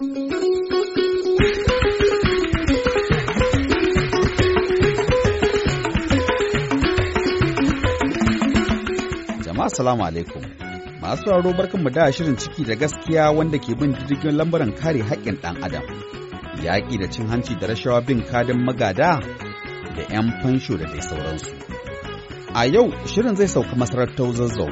Jama'a salamu alaikum. Masu sauraro barkanmu da shirin ciki da gaskiya wanda ke bin diddigin lambaran kare haƙƙin ɗan adam. Yaƙi da cin hanci da rashawa bin kadin magada da 'yan fansho da dai sauransu. A yau shirin zai sauka masarautar zazzau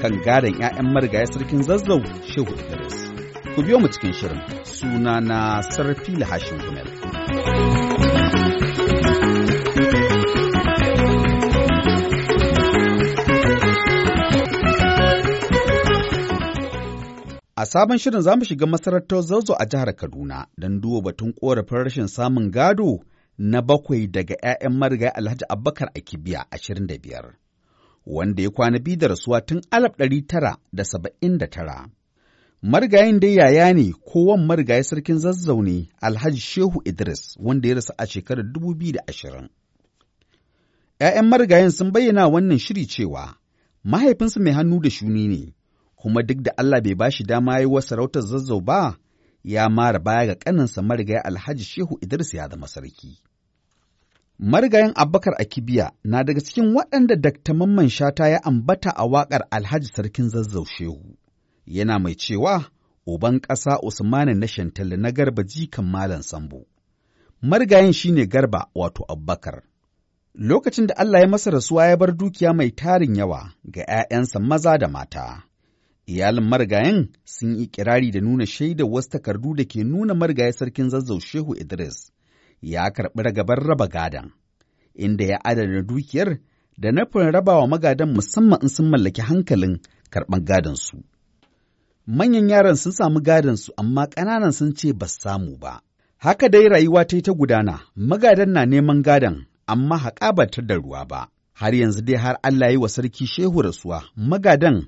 kan gadon 'ya'yan marigayi sarkin zazzau Shehu Idris. Ku biyo mu cikin shirin suna na Sarfila Hashin Gumel. A sabon shirin za mu shiga masarautar Zauzo a jihar Kaduna don duba batun korafin rashin samun gado na bakwai daga 'ya'yan marigayi Alhaji Abubakar a Kibiya ashirin da biyar, wanda ya kwana biyu da rasuwa tun alaf ɗari tara da saba'in da tara. Marigayin dai yaya ne kowan marigayi sarkin zazzaune Alhaji Shehu Idris wanda ya rasa a shekarar 2020. ‘Ya'yan marigayin sun bayyana wannan shiri cewa mahaifinsu mai hannu da shuni ne, kuma duk da Allah bai ba shi dama yi wa sarautar zazzau ba, ya mara baya ga ƙaninsa marigayi Alhaji Shehu Idris ya zama sarki. Marigayin Abubakar Akibiya na daga cikin waɗanda Dr. Mamman Shata ya ambata a waƙar Alhaji Sarkin Zazzau Shehu. yana mai cewa Uban ƙasa Usmanin na shantalli na garba jikan Malam Sambo. Marigayen shi ne garba wato Abubakar. Lokacin da Allah ya masa rasuwa ya bar dukiya mai tarin yawa ga ‘ya'yansa maza da mata. Iyalin marigayen sun yi kirari da nuna shaidar wasu takardu da ke nuna margaya sarkin zazzau Shehu Idris ya karɓi ragabar raba gadan, inda ya adana dukiyar da nufin raba magadan musamman in sun mallaki hankalin karɓar gadansu. su. Manyan yaran sun samu su amma ƙananan sun ce ba samu ba. Haka dai rayuwa ta yi ta gudana, magadan na neman gadon, amma haƙa ba ta da ruwa ba. Har yanzu dai har Allah yi wa sarki shehu rasuwa, magadan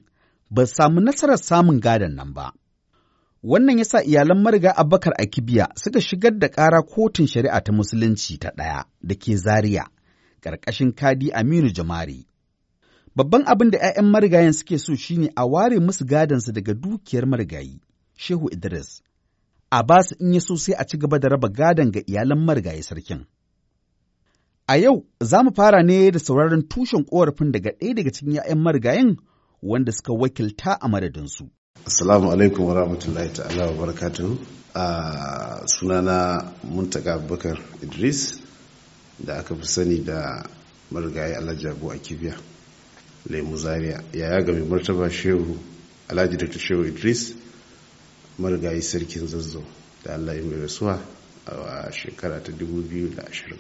ba samu nasarar samun gadon nan ba. Wannan yasa iyalan mariga Abubakar a Kibiya suka shigar da ƙara kotun shari'a ta Musulunci ta ɗaya da ke Zariya, ƙarƙashin Kadi Aminu Jamari. Babban abin da 'ya'yan marigayen suke so shine a ware musu gadansu daga dukiyar marigayi, Shehu Idris. A ba su in ya so sai a ci gaba da raba gadon ga iyalan marigayi sarkin. A yau za mu fara ne da sauraron tushen ƙorafin daga ɗaya daga cikin 'ya'yan marigayen wanda suka wakilta a madadinsu. Assalamu alaikum wa rahmatullahi ta'ala wa barakatuhu. sunana Muntaka Abubakar Idris da aka fi sani da marigayi Alhaji Abu Akibiya. lemu zaria yaya ga mai martaba shehu alhaji dr shehu idris marigayi sarkin zazzau da allah mai rasuwa a shekara ta 2020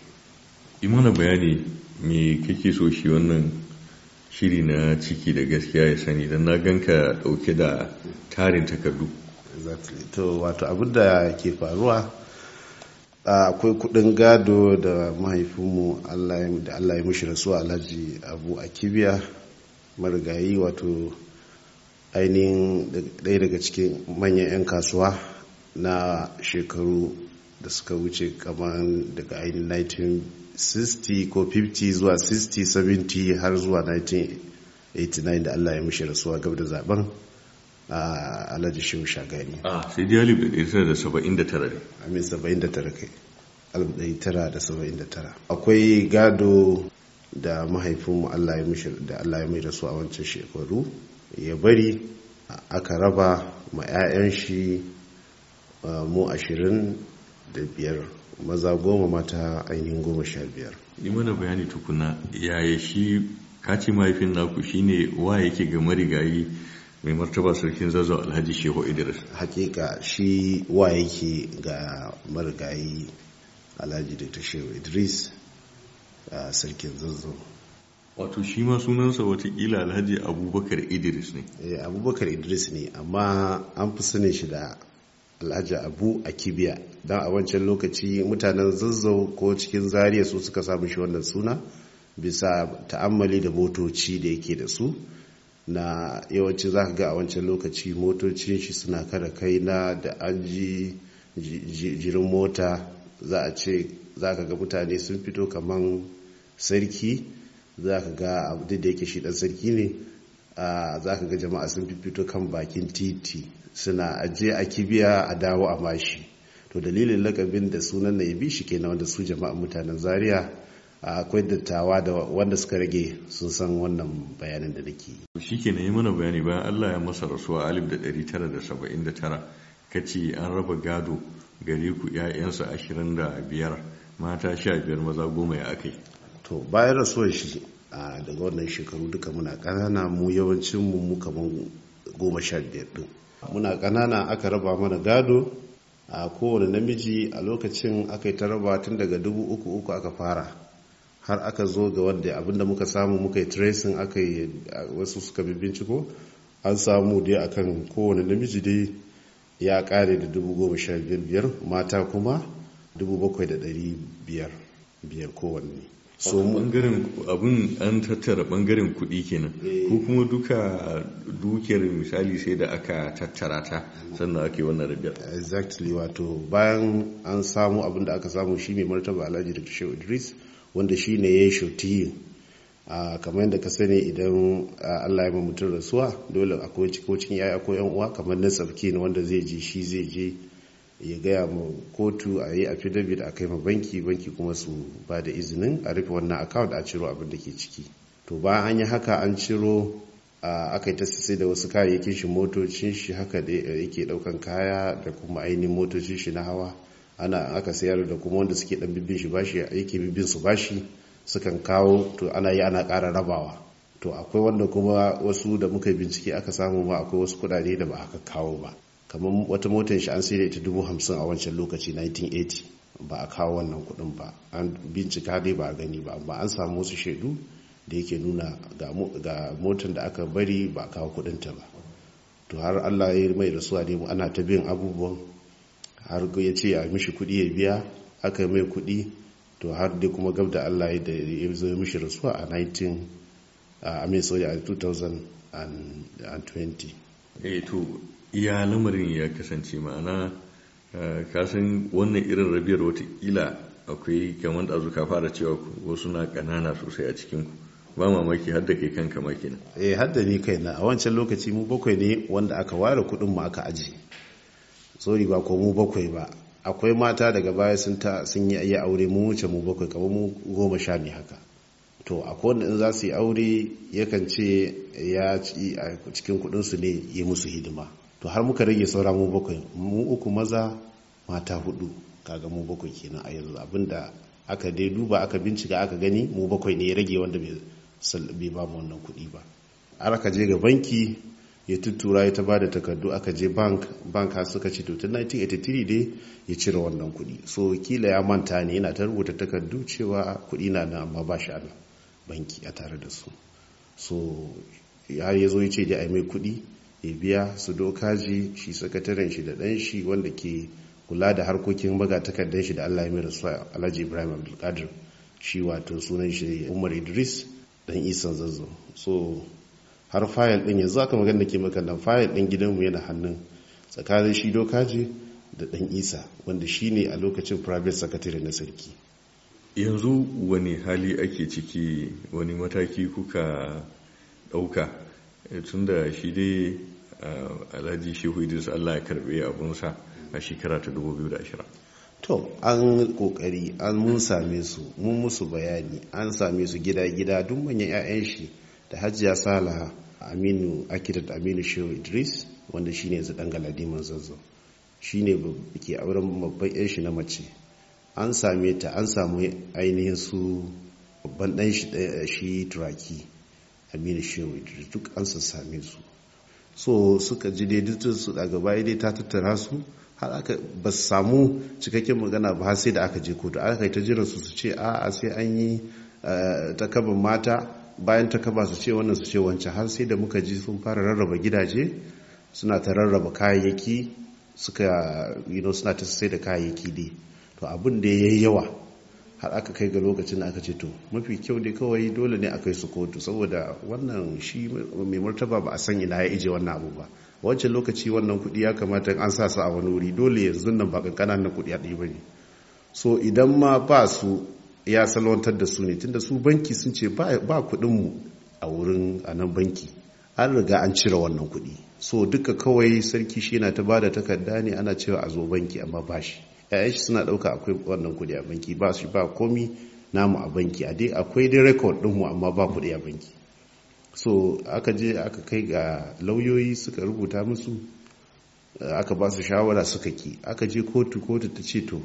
imana bayani me kake so shi wannan shiri na ciki da gaskiya ya sani don na ganka dauke da tarin takardu to wato abin da ke faruwa akwai kudin gado da mahaifinmu da allah ya mushi rasuwa alhaji abu akibiya marigayi wato ainihin ɗaya daga cikin manyan 'yan kasuwa na shekaru da suka wuce kamar daga ainihin 1960 ko 50 zuwa 60 70 har zuwa 1989 da allah ya mishi rasuwa gab da zaben a alhaji shehu shagari a ah, sai dai alif da ɗaya da saba'in da tara ne amin saba'in kai 1979 akwai gado da mahaifinmu Allah ya da Allah ya mai da su a wancan shekaru ya bari aka raba ma 'ya'yan shi mu ashirin da biyar maza goma mata ainihin goma sha biyar. yi mana bayani tukuna yaya shi kaci mahaifin naku shine wa yake ga marigayi mai martaba sarkin zazzau alhaji shehu idris hakika shi wa yake ga marigayi alhaji da ta shehu idris a sarkin zazzau wato shi ma sunansa watakila alhaji abubakar idris ne eh abubakar idris ne amma an fi sani shi da alhaji abu a kibiya don a wancan lokaci mutanen zazzau ko cikin zariya su suka samu shi wannan suna bisa ta'ammali da motoci da yake da su na yawanci za ga a wancan lokaci motocin shi suna kara kai na da an jirin mota za a ce za ka ga mutane sun fito kamar sarki za ka ga duk da yake shi dan sarki ne za ka ga jama'a sun fito kan bakin titi suna aje a kibiya a dawo a mashi to dalilin lakabin da sunan na yabi shi kenan wanda su jama'a mutanen zaria akwai dattawa da wanda suka rage sun san wannan bayanin da nake yi shi kenan yi mana bayani bayan allah ya masa rasuwa alif da 979 ka an raba gado gare ku 'ya'yansa ashirin da biyar mata sha maza goma ya aka yi to bayan rasuwar shi a daga wannan shekaru duka muna ƙanana mu yawancin mu mu kaman goma sha biyar din muna ƙanana aka raba mana gado a kowane namiji a lokacin aka yi ta raba tun daga dubu uku uku aka fara har aka zo ga wanda abinda muka samu muka yi tracin aka yi wasu suka bi binciko an samu dai akan kowane namiji dai ya kare da dubu mata kuma dubu kowanne so bangaren abin an tattara bangaren kuɗi kenan eh. ko kuma duka dukiyar misali sai da aka tattara ta sannan ake wannan rabiyar exactly wato bayan an samu abin da aka samu shi mai martaba alhaji da shehu idris wanda shi ne ya yi shotiyin kamar yadda ka sani idan allah ya ma mutum rasuwa dole akwai cikin yaya ko yan uwa kamar na sarki na wanda zai je shi zai je ya gaya ma kotu a yi affidavit a kai ma banki banki kuma su ba da izinin a rufe wannan account a ciro abin da ke ciki to ba an yi haka an ciro aka yi ta sai da wasu kayayyakin shi motocin shi haka da eh, yake daukan kaya da kuma ainihin motocin shi na hawa ana aka sayar da kuma wanda suke dan bibin shi bashi yake bibin su bashi sukan kawo to ana yi ana ƙara rabawa to akwai wanda kuma wasu da muka bincike aka samu ma akwai wasu kuɗaɗe da ba aka kawo ba kamar wata motar shi an sire da ita dubu hamsin a wancan lokaci 1980 ba a kawo wannan kuɗin ba an bincika dai ba a gani ba amma an samu wasu shaidu da yake nuna ga motar da aka bari ba a kawo ta ba to har allah ya yi mai rasuwa ne ana ta bin abubuwan har ya ce a mishi kuɗi ya biya aka mai kuɗi to har dai kuma gab da allah ya da ya zo mishi rasuwa a 19 a amin sauri a 2020 eh to iya lamarin ya kasance ma'ana eh, kasan wannan irin rabiyar watakila akwai kamar da ka fara cewa wasu na kanana sosai a cikinku ba mamaki har da kai kanka ma kenan eh har da ni kaina a wancan lokaci mu bakwai ne wanda aka ware kuɗin mu aka aji sorry ba ko mu bakwai ba akwai mata daga baya sun ta sun yi iya aure mu wuce mu bakwai kamar mu goma sha ne haka to akwai wanda in za su yi aure yakan ce ya ci a cikin kudin su ne yi musu hidima to har muka rage saura mu bakwai mu uku maza mata hudu kaga mu bakwai kenan a yanzu abinda aka dai duba aka bincika aka gani mu bakwai ne ya rage wanda bai ba mu wannan kuɗi ba har ka je ga banki ya tuttura ya ta ba da takardu aka je bank bank har suka ce to 1983 dai ya cire wannan kuɗi so kila ya manta ne yana ta rubuta takardu cewa kuɗi na nan amma ba shi a banki a tare da su so har ya zo ya ce dai ai mai kuɗi ya biya su dokaji shi sakataren shi da ɗan shi wanda ke kula da harkokin baga takardar shi da Allah ya mai rasuwa Alhaji Ibrahim Abdulkadir shi wato sunan shi Umar Idris dan Isan Zazzo so har fayil din yanzu aka magana ke makallan fayil din gidanmu yana hannun tsakanin shi dokaji da dan isa wanda shi ne a lokacin private secretary na sarki yanzu wani hali ake ciki wani mataki kuka ɗauka eh, tun da shi dai eh, alhaji shehu idris allah ya karbe abunsa a shekara ta 2020 to an kokari an mun same su mun musu bayani an same su gida-gida duk manyan 'ya'yan shi da hajiya salaha aminu akidat aminu shehu idris wanda shine yanzu dan galadiman zazzau shine ke auren babban yan shi na mace an same ta an samu ainihin su babban dan shi eh, shi turaki aminu shehu idris duk an sassame su so suka ji dutse su daga baya dai ta tattara su har aka ba su samu cikakken magana ba sai da aka je kotu aka kai ta jiran su su ce a sai an yi eh, ta mata bayan ta kaba su ce wannan su ce wancan har sai da muka ji sun fara rarraba gidaje suna ta rarraba kayayyaki suka you know suna ta sai da kayayyaki dai to abin da ya yayi yawa har aka kai ga lokacin da aka ce to mafi kyau dai kawai dole ne a kai su kotu saboda wannan shi mai martaba ba a san ina ya ije wannan abu ba wancan lokaci wannan kuɗi ya kamata an sa su a wani wuri dole yanzu nan ba kankanan na kuɗi a ɗaya ba ne so idan ma ba su ya salwantar da su ne tunda su banki sun ce ba mu a wurin a nan banki an riga an cire wannan kuɗi so duka kawai sarki shi na ta ba da takarda ne ana cewa a zo banki amma ba shi yayan shi suna ɗauka akwai wannan kuɗi a banki ba shi ba komi namu a banki a dai akwai dai rekod ɗinmu amma ba kuɗi a banki so aka je aka kai ga lauyoyi suka rubuta musu aka ba su shawara suka ki aka je kotu kotu ta ce to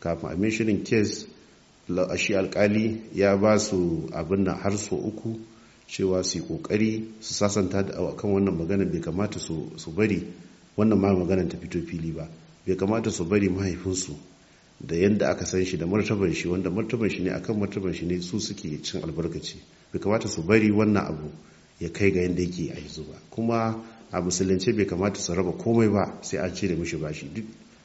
kafin a mishirin case shi alkali ya ba su abin nan har so uku cewa su yi kokari su sasanta da kan wannan magana bai kamata su bari wannan ma magana ta fito fili ba bai kamata su bari mahaifinsu da yadda aka san shi da martaban shi wanda martaban shi ne akan martaban shi ne su suke cin albarkaci bai kamata su bari wannan abu ya kai ga yadda yake a yanzu ba kuma a musulunce bai kamata su raba komai ba sai an ce da mishi bashi duk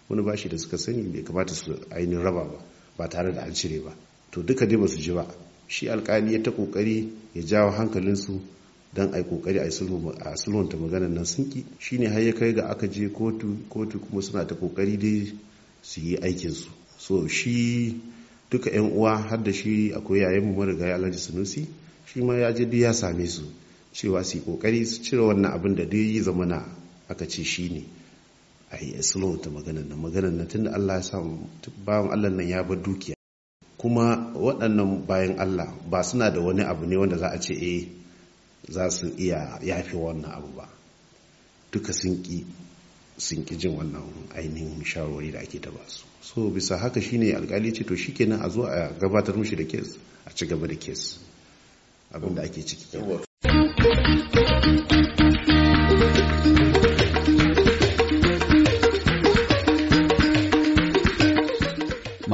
wani bashi da suka sani bai kamata su ainihin raba ba ba tare da an cire ba to duka dai ba su ji ba shi alkali ya ta kokari ya jawo hankalinsu don a yi kokari a sulhunta maganar nan sun ki ne har ya kai ga aka je kotu kotu kuma suna ta kokari dai su yi aikinsu so shi duka yan uwa har da shi akwai yayin mu gaya alhaji sunusi shi ma ya je duk ya same su cewa su yi kokari su cire wannan abin da dai yi zamana aka ce shi ne a yi ta maganan nan maganan nan tunda Allah ya sa bawan Allah nan ya bar dukiya kuma waɗannan bayan Allah ba suna da wani abu ne wanda za a ce eh za su iya yafe wannan abu ba duka sun ki sun ki jin wannan ainihin shawarwari da ake taba su so bisa haka shine alƙali ce to shikenan a zo a gabatar mushi da kes a ci gaba da kes abin da ake ciki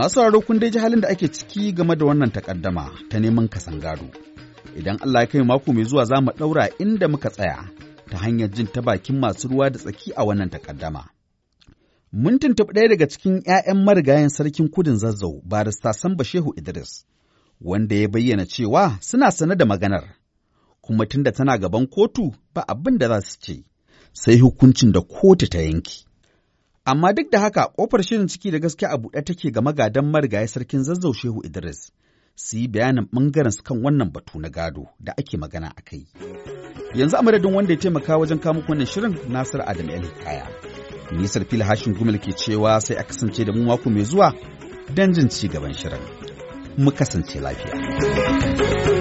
Masu sauraro kun dai ji halin da ake ciki game da wannan takaddama ta neman kasan gado. Idan Allah ya kai mako mai zuwa za mu ɗaura inda muka tsaya ta hanyar jin ta bakin masu ruwa da tsaki a wannan takaddama. Mun tuntuɓi ɗaya daga cikin ‘ya'yan marigayen sarkin kudin zazzau barista Samba Shehu Idris, wanda ya bayyana cewa suna sane da maganar, kuma tunda tana gaban kotu ba abin da za su ce, sai hukuncin da kotu ta yanki. Amma duk da haka ƙofar shirin ciki da gaskiya a buɗe take ga magadan marigayi sarkin zazzau Shehu Idris su yi bayanin ɓangaren su kan wannan batu na gado da ake magana a kai. Yanzu a madadin wanda ya taimaka wajen kamo wannan shirin Nasir Adam El Hikaya. Nisar fili hashin gumel ke cewa sai a kasance da mu mako mai zuwa don jin ci gaban shirin. Mu kasance lafiya.